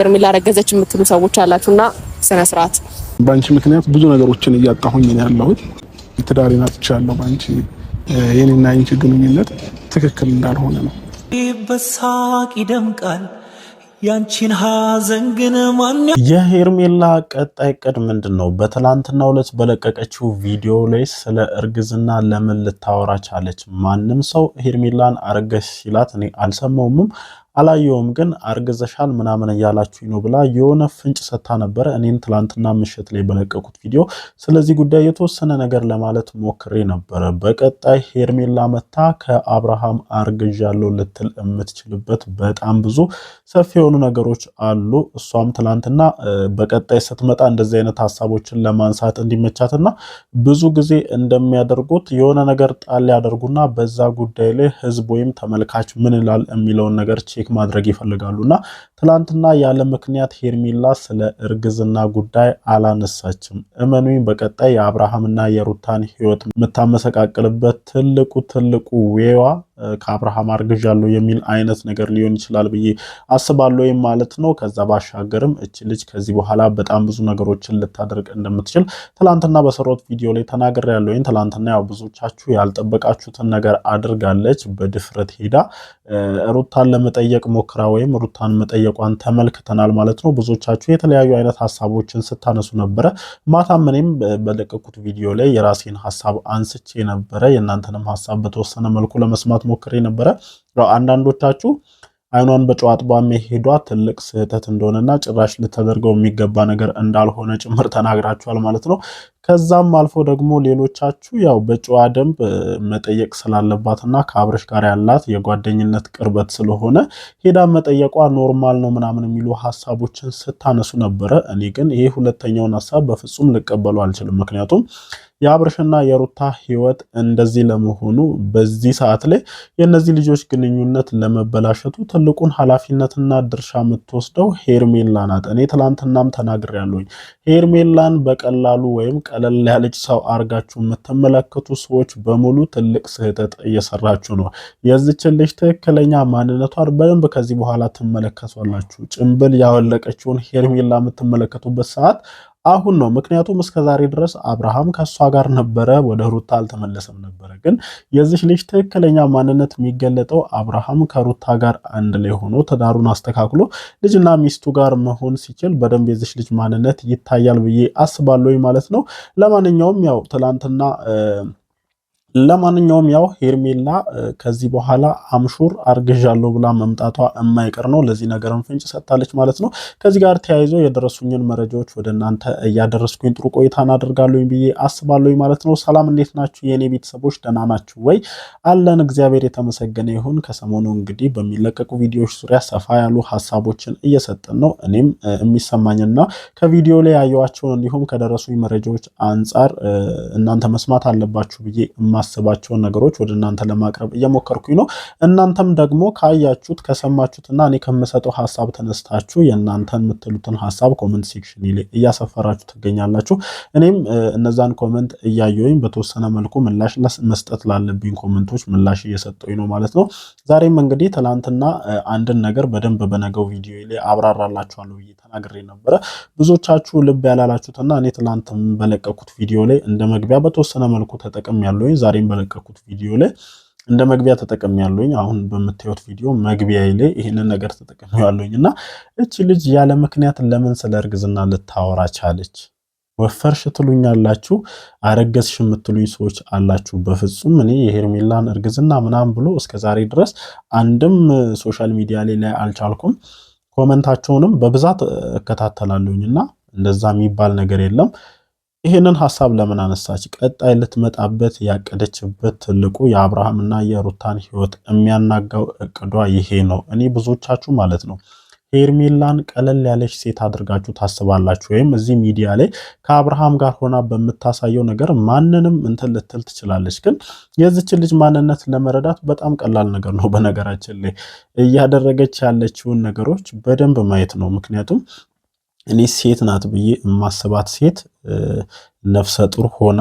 ሄርሜላ ረገዘች የምትሉ ሰዎች አላችሁና ስነ ስርዓት። በአንቺ ምክንያት ብዙ ነገሮችን እያጣሁኝ ነው ያለሁት። ትዳሬን አጥቻለሁ። በአንቺ የኔና አንቺ ግንኙነት ትክክል እንዳልሆነ ነው። በሳቅ ይደምቃል ያንቺን ሀዘን ግን ማንያ የሄርሜላ ቀጣይ ቅድ ምንድን ነው? በትላንትና ዕለት በለቀቀችው ቪዲዮ ላይ ስለ እርግዝና ለምን ልታወራ ቻለች? ማንም ሰው ሄርሜላን አረገሽ ሲላት እኔ አልሰማውምም አላየውም ግን አርግዘሻል ምናምን እያላችሁ ነው ብላ የሆነ ፍንጭ ሰታ ነበረ እኔን ትላንትና ምሽት ላይ በለቀቁት ቪዲዮ ስለዚህ ጉዳይ የተወሰነ ነገር ለማለት ሞክሬ ነበረ። በቀጣይ ሄርሜላ መታ ከአብርሃም አርግዣለሁ ልትል የምትችልበት በጣም ብዙ ሰፊ የሆኑ ነገሮች አሉ። እሷም ትላንትና በቀጣይ ስትመጣ እንደዚህ አይነት ሀሳቦችን ለማንሳት እንዲመቻትና ብዙ ጊዜ እንደሚያደርጉት የሆነ ነገር ጣል ያደርጉና በዛ ጉዳይ ላይ ህዝብ ወይም ተመልካች ምን ይላል የሚለውን ነገር ቼክ ማድረግ ይፈልጋሉ እና ትላንትና ያለ ምክንያት ሄርሜላ ስለ እርግዝና ጉዳይ አላነሳችም። እመኑኝ በቀጣይ የአብርሃምና የሩታን ህይወት የምታመሰቃቅልበት ትልቁ ትልቁ ዌዋ ከአብርሃም አርግዣለሁ የሚል አይነት ነገር ሊሆን ይችላል ብዬ አስባለሁ ወይም ማለት ነው። ከዛ ባሻገርም እች ልጅ ከዚህ በኋላ በጣም ብዙ ነገሮችን ልታደርግ እንደምትችል ትላንትና በሰሮት ቪዲዮ ላይ ያለ ወይም ትላንትና ያው ብዙቻችሁ ያልጠበቃችሁትን ነገር አድርጋለች። በድፍረት ሄዳ ሩታን ለመጠየቅ ሞክራ ወይም ሩታን መጠየቋን ተመልክተናል ማለት ነው። ብዙቻችሁ የተለያዩ አይነት ሀሳቦችን ስታነሱ ነበረ። ማታም እኔም በለቀኩት ቪዲዮ ላይ የራሴን ሀሳብ አንስቼ ነበረ። የእናንተንም ሀሳብ በተወሰነ መልኩ ለመስማት ሞክሬ ነበረ። አንዳንዶቻችሁ አይኗን በጨዋጥ መሄዷ ትልቅ ስህተት እንደሆነና ጭራሽ ልታደርገው የሚገባ ነገር እንዳልሆነ ጭምር ተናግራችኋል ማለት ነው። ከዛም አልፎ ደግሞ ሌሎቻችሁ ያው በጨዋ ደንብ መጠየቅ ስላለባትና ከአብረሽ ጋር ያላት የጓደኝነት ቅርበት ስለሆነ ሄዳ መጠየቋ ኖርማል ነው ምናምን የሚሉ ሀሳቦችን ስታነሱ ነበረ። እኔ ግን ይሄ ሁለተኛውን ሀሳብ በፍጹም ልቀበሉ አልችልም። ምክንያቱም የአብረሽና የሩታ ህይወት እንደዚህ ለመሆኑ በዚህ ሰዓት ላይ የእነዚህ ልጆች ግንኙነት ለመበላሸቱ ትልቁን ኃላፊነትና ድርሻ የምትወስደው ሄርሜላ ናት። እኔ ትላንትናም ተናግሬያለሁኝ ሄርሜላን በቀላሉ ወይም ቀለል ያለች ሰው አርጋችሁ የምትመለከቱ ሰዎች በሙሉ ትልቅ ስህተት እየሰራችሁ ነው። የዚችን ልጅ ትክክለኛ ማንነቷን በደንብ ከዚህ በኋላ ትመለከቷላችሁ። ጭንብል ያወለቀችውን ሄርሜላ የምትመለከቱበት ሰዓት አሁን ነው። ምክንያቱም እስከዛሬ ድረስ አብርሃም ከእሷ ጋር ነበረ፣ ወደ ሩታ አልተመለሰም ነበረ። ግን የዚህ ልጅ ትክክለኛ ማንነት የሚገለጠው አብርሃም ከሩታ ጋር አንድ ላይ ሆኖ ትዳሩን አስተካክሎ ልጅና ሚስቱ ጋር መሆን ሲችል በደንብ የዚህ ልጅ ማንነት ይታያል ብዬ አስባለሁ ማለት ነው። ለማንኛውም ያው ትላንትና ለማንኛውም ያው ሄርሜላ ከዚህ በኋላ አምሹር አርግዣለሁ ብላ መምጣቷ የማይቀር ነው። ለዚህ ነገርም ፍንጭ ሰጥታለች ማለት ነው። ከዚህ ጋር ተያይዞ የደረሱኝን መረጃዎች ወደ እናንተ እያደረስኩኝ ጥሩ ቆይታ እናደርጋለኝ ብዬ አስባለሁኝ ማለት ነው። ሰላም እንዴት ናችሁ የእኔ ቤተሰቦች? ደህና ናችሁ ወይ? አለን እግዚአብሔር የተመሰገነ ይሁን። ከሰሞኑ እንግዲህ በሚለቀቁ ቪዲዮዎች ዙሪያ ሰፋ ያሉ ሀሳቦችን እየሰጠን ነው። እኔም የሚሰማኝና ከቪዲዮ ላይ ያየኋቸውን እንዲሁም ከደረሱኝ መረጃዎች አንጻር እናንተ መስማት አለባችሁ ብዬ የማስባቸውን ነገሮች ወደ እናንተ ለማቅረብ እየሞከርኩኝ ነው። እናንተም ደግሞ ካያችሁት ከሰማችሁትና እኔ ከምሰጠው ሀሳብ ተነስታችሁ የእናንተ የምትሉትን ሀሳብ ኮመንት ሴክሽን እያሰፈራችሁ ትገኛላችሁ። እኔም እነዛን ኮመንት እያየሁኝ በተወሰነ መልኩ ምላሽ መስጠት ላለብኝ ኮመንቶች ምላሽ እየሰጠኝ ነው ማለት ነው። ዛሬም እንግዲህ ትናንትና አንድን ነገር በደንብ በነገው ቪዲዮ ላይ አብራራላችኋለሁ ብዬ ተናግሬ ነበረ። ብዙዎቻችሁ ልብ ያላላችሁትና እኔ ትናንት በለቀኩት ቪዲዮ ላይ እንደ መግቢያ በተወሰነ መልኩ ተጠቅም ያለውኝ ዛሬም በለቀኩት ቪዲዮ ላይ እንደ መግቢያ ተጠቀሚ ያለኝ አሁን በምታዩት ቪዲዮ መግቢያ ላይ ይህንን ነገር ተጠቀሚ ያለኝ እና እች ልጅ ያለ ምክንያት ለምን ስለ እርግዝና ልታወራ ቻለች? ወፈርሽ አላችሁ አረገዝሽ የምትሉኝ ሰዎች አላችሁ። በፍጹም እኔ የሄርሜላን እርግዝና ምናምን ብሎ እስከ ዛሬ ድረስ አንድም ሶሻል ሚዲያ ላይ ላይ አልቻልኩም። ኮመንታቸውንም በብዛት እከታተላለሁኝ እና እንደዛ የሚባል ነገር የለም። ይህንን ሀሳብ ለምን አነሳች? ቀጣይ ልትመጣበት ያቀደችበት ትልቁ የአብርሃምና የሩታን ህይወት የሚያናጋው እቅዷ ይሄ ነው። እኔ ብዙዎቻችሁ ማለት ነው ሄርሜላን ቀለል ያለች ሴት አድርጋችሁ ታስባላችሁ፣ ወይም እዚህ ሚዲያ ላይ ከአብርሃም ጋር ሆና በምታሳየው ነገር ማንንም እንትን ልትል ትችላለች። ግን የዚችን ልጅ ማንነት ለመረዳት በጣም ቀላል ነገር ነው። በነገራችን ላይ እያደረገች ያለችውን ነገሮች በደንብ ማየት ነው። ምክንያቱም እኔ ሴት ናት ብዬ የማስባት ሴት ነፍሰ ጡር ሆና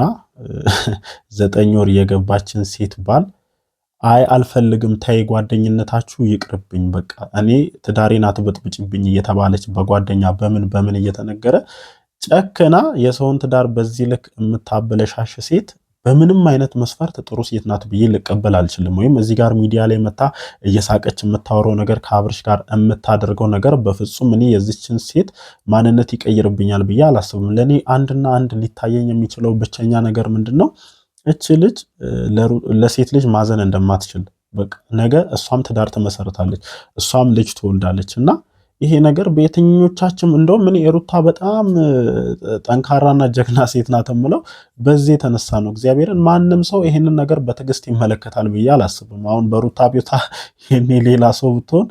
ዘጠኝ ወር የገባችን ሴት ባል አይ አልፈልግም፣ ታይ ጓደኝነታችሁ ይቅርብኝ፣ በቃ እኔ ትዳሬን አትበጥብጭብኝ እየተባለች በጓደኛ በምን በምን እየተነገረ ጨክና የሰውን ትዳር በዚህ ልክ የምታበለሻሽ ሴት በምንም አይነት መስፈርት ጥሩ ሴት ናት ብዬ ልቀበል አልችልም። ወይም እዚህ ጋር ሚዲያ ላይ መታ እየሳቀች የምታወረው ነገር ከአብርሽ ጋር የምታደርገው ነገር በፍጹም እኔ የዚችን ሴት ማንነት ይቀይርብኛል ብዬ አላስብም። ለእኔ አንድና አንድ ሊታየኝ የሚችለው ብቸኛ ነገር ምንድን ነው? እች ልጅ ለሴት ልጅ ማዘን እንደማትችል በቃ ነገ እሷም ትዳር ትመሰርታለች፣ እሷም ልጅ ትወልዳለች እና ይሄ ነገር በየትኞቻችም እንደውም እኔ የሩታ በጣም ጠንካራና ጀግና ሴት ናት የምለው በዚህ የተነሳ ነው። እግዚአብሔርን ማንም ሰው ይሄንን ነገር በትዕግስት ይመለከታል ብዬ አላስብም። አሁን በሩታ ቦታ ይሄኔ ሌላ ሰው ብትሆን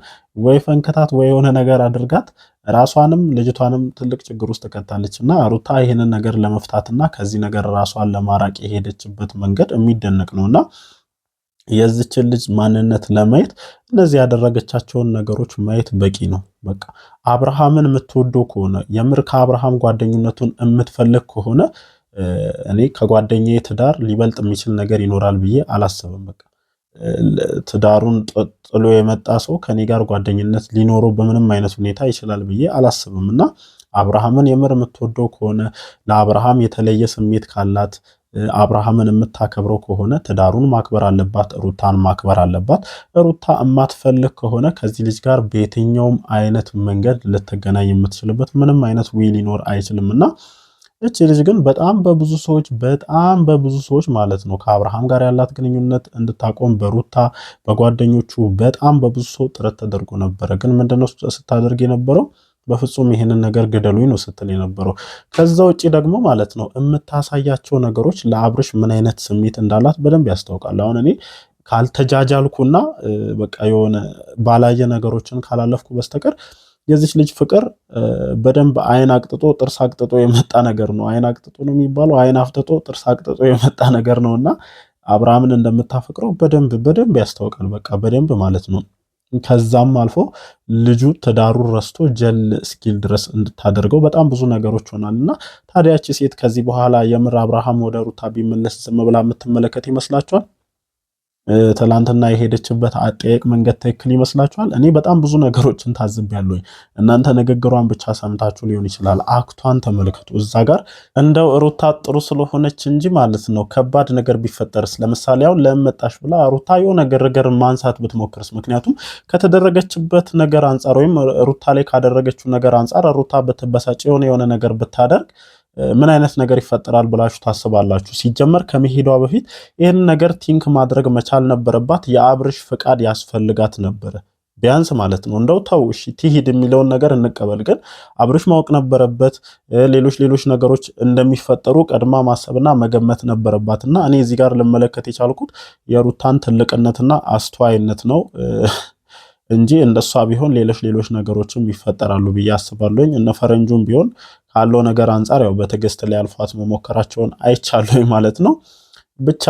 ወይ ፈንከታት ወይ የሆነ ነገር አድርጋት ራሷንም ልጅቷንም ትልቅ ችግር ውስጥ ትከታለች። እና ሩታ ይህንን ነገር ለመፍታትና ከዚህ ነገር ራሷን ለማራቅ የሄደችበት መንገድ የሚደነቅ ነው እና የዚችን ልጅ ማንነት ለማየት እነዚህ ያደረገቻቸውን ነገሮች ማየት በቂ ነው። በቃ አብርሃምን የምትወደው ከሆነ የምር ከአብርሃም ጓደኝነቱን የምትፈልግ ከሆነ እኔ ከጓደኛዬ ትዳር ሊበልጥ የሚችል ነገር ይኖራል ብዬ አላስብም። በቃ ትዳሩን ጥሎ የመጣ ሰው ከኔ ጋር ጓደኝነት ሊኖረው በምንም አይነት ሁኔታ ይችላል ብዬ አላስብም እና አብርሃምን የምር የምትወደው ከሆነ ለአብርሃም የተለየ ስሜት ካላት አብርሃምን የምታከብረው ከሆነ ትዳሩን ማክበር አለባት፣ ሩታን ማክበር አለባት። ሩታ የማትፈልግ ከሆነ ከዚህ ልጅ ጋር በየትኛውም አይነት መንገድ ልትገናኝ የምትችልበት ምንም አይነት ዌይ ሊኖር አይችልም እና እች ልጅ ግን በጣም በብዙ ሰዎች በጣም በብዙ ሰዎች ማለት ነው ከአብርሃም ጋር ያላት ግንኙነት እንድታቆም በሩታ በጓደኞቹ በጣም በብዙ ሰው ጥረት ተደርጎ ነበረ። ግን ምንድነው ስታደርግ የነበረው? በፍጹም ይህንን ነገር ግደሉኝ ነው ስትል የነበረው። ከዛ ውጭ ደግሞ ማለት ነው የምታሳያቸው ነገሮች ለአብርሽ ምን አይነት ስሜት እንዳላት በደንብ ያስታውቃል። አሁን እኔ ካልተጃጃልኩና በቃ የሆነ ባላየ ነገሮችን ካላለፍኩ በስተቀር የዚች ልጅ ፍቅር በደንብ አይን አቅጥጦ ጥርስ አቅጥጦ የመጣ ነገር ነው። አይን አቅጥጦ ነው የሚባለው፣ አይን አፍጥጦ ጥርስ አቅጥጦ የመጣ ነገር ነውና አብርሃምን እንደምታፈቅረው በደንብ በደንብ ያስታውቃል። በቃ በደንብ ማለት ነው። ከዛም አልፎ ልጁ ትዳሩ ረስቶ ጀል እስኪል ድረስ እንድታደርገው በጣም ብዙ ነገሮች ሆናል እና ታዲያች ሴት ከዚህ በኋላ የምር አብርሃም ወደ ሩታ ቢመለስ ዝም ብላ የምትመለከት ይመስላችኋል? ትላንትና የሄደችበት አጠያየቅ መንገድ ትክክል ይመስላችኋል? እኔ በጣም ብዙ ነገሮችን ታዝቤያለሁኝ። እናንተ ንግግሯን ብቻ ሰምታችሁ ሊሆን ይችላል፣ አክቷን ተመልከቱ። እዛ ጋር እንደው ሩታ ጥሩ ስለሆነች እንጂ ማለት ነው ከባድ ነገር ቢፈጠርስ፣ ለምሳሌ አሁን ለመጣሽ ብላ ሩታ የሆነ ግርግር ማንሳት ብትሞክርስ? ምክንያቱም ከተደረገችበት ነገር አንጻር ወይም ሩታ ላይ ካደረገችው ነገር አንጻር ሩታ ብትበሳጭ የሆነ የሆነ ነገር ብታደርግ ምን አይነት ነገር ይፈጠራል ብላችሁ ታስባላችሁ? ሲጀመር ከመሄዷ በፊት ይህን ነገር ቲንክ ማድረግ መቻል ነበረባት። የአብርሽ ፍቃድ ያስፈልጋት ነበረ ቢያንስ ማለት ነው። እንደው ተው እሺ ትሂድ የሚለውን ነገር እንቀበል፣ ግን አብርሽ ማወቅ ነበረበት። ሌሎች ሌሎች ነገሮች እንደሚፈጠሩ ቀድማ ማሰብና መገመት ነበረባት እና እኔ እዚህ ጋር ልመለከት የቻልኩት የሩታን ትልቅነትና አስተዋይነት ነው። እንጂ እንደሷ ቢሆን ሌሎች ሌሎች ነገሮችም ይፈጠራሉ ብዬ አስባለኝ። እነ ፈረንጁም ቢሆን ካለው ነገር አንጻር ያው በትዕግስት ሊያልፏት መሞከራቸውን አይቻለሁ ማለት ነው። ብቻ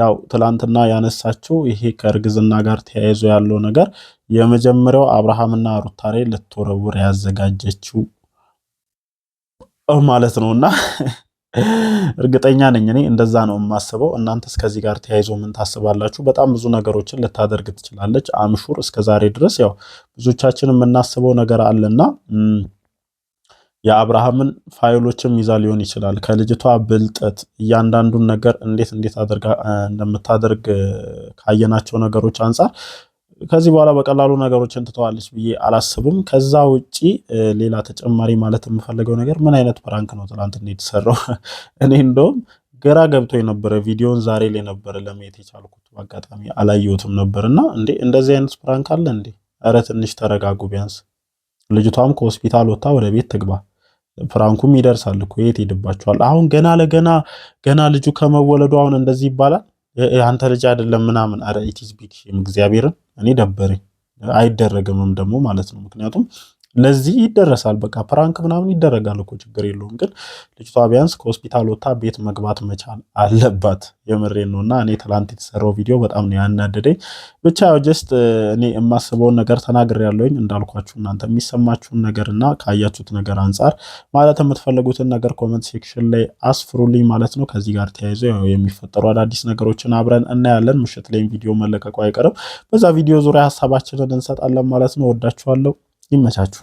ያው ትላንትና ያነሳችው ይሄ ከእርግዝና ጋር ተያይዞ ያለው ነገር የመጀመሪያው አብርሃምና ሩታሬ ልትወረውር ያዘጋጀችው ማለት ነውና እርግጠኛ ነኝ እኔ እንደዛ ነው የማስበው። እናንተስ ከዚህ ጋር ተያይዞ ምን ታስባላችሁ? በጣም ብዙ ነገሮችን ልታደርግ ትችላለች። አምሹር እስከ ዛሬ ድረስ ያው ብዙቻችን የምናስበው ነገር አለና የአብርሃምን ፋይሎችም ይዛ ሊሆን ይችላል። ከልጅቷ ብልጠት እያንዳንዱን ነገር እንዴት እንዴት አድርጋ እንደምታደርግ ካየናቸው ነገሮች አንጻር ከዚህ በኋላ በቀላሉ ነገሮችን ትተዋለች ብዬ አላስብም። ከዛ ውጪ ሌላ ተጨማሪ ማለት የምፈልገው ነገር ምን አይነት ፕራንክ ነው ትናንት እንደተሰራው እኔ እንደውም ግራ ገብቶ የነበረ ቪዲዮን ዛሬ ላይ ነበረ ለማየት የቻልኩት አጋጣሚ አላየሁትም ነበር እና እንዴ እንደዚህ አይነት ፕራንክ አለ እንዴ? እረ ትንሽ ተረጋጉ ቢያንስ ልጅቷም ከሆስፒታል ወጥታ ወደ ቤት ትግባ። ፕራንኩም ይደርሳል እኮ የት ሄድባችኋል? አሁን ገና ለገና ገና ልጁ ከመወለዱ አሁን እንደዚህ ይባላል። አንተ ልጅ አይደለም ምናምን፣ አረ ኢትዝ ቢድ እግዚአብሔርን እኔ ደበረኝ። አይደረግምም ደግሞ ማለት ነው ምክንያቱም ለዚህ ይደረሳል። በቃ ፕራንክ ምናምን ይደረጋል እኮ ችግር የለውም። ግን ልጅቷ ቢያንስ ከሆስፒታል ወጥታ ቤት መግባት መቻል አለባት። የምሬን ነው። እና እኔ ትላንት የተሰራው ቪዲዮ በጣም ነው ያናደደኝ። ብቻ ጀስት እኔ የማስበውን ነገር ተናግር ያለውኝ እንዳልኳችሁ፣ እናንተ የሚሰማችሁን ነገር እና ካያችሁት ነገር አንጻር ማለት የምትፈልጉትን ነገር ኮመንት ሴክሽን ላይ አስፍሩልኝ ማለት ነው። ከዚህ ጋር ተያይዞ የሚፈጠሩ አዳዲስ ነገሮችን አብረን እናያለን። ምሽት ላይም ቪዲዮ መለቀቁ አይቀርም። በዛ ቪዲዮ ዙሪያ ሀሳባችንን እንሰጣለን ማለት ነው። ወዳችኋለሁ። ይመቻችሁ።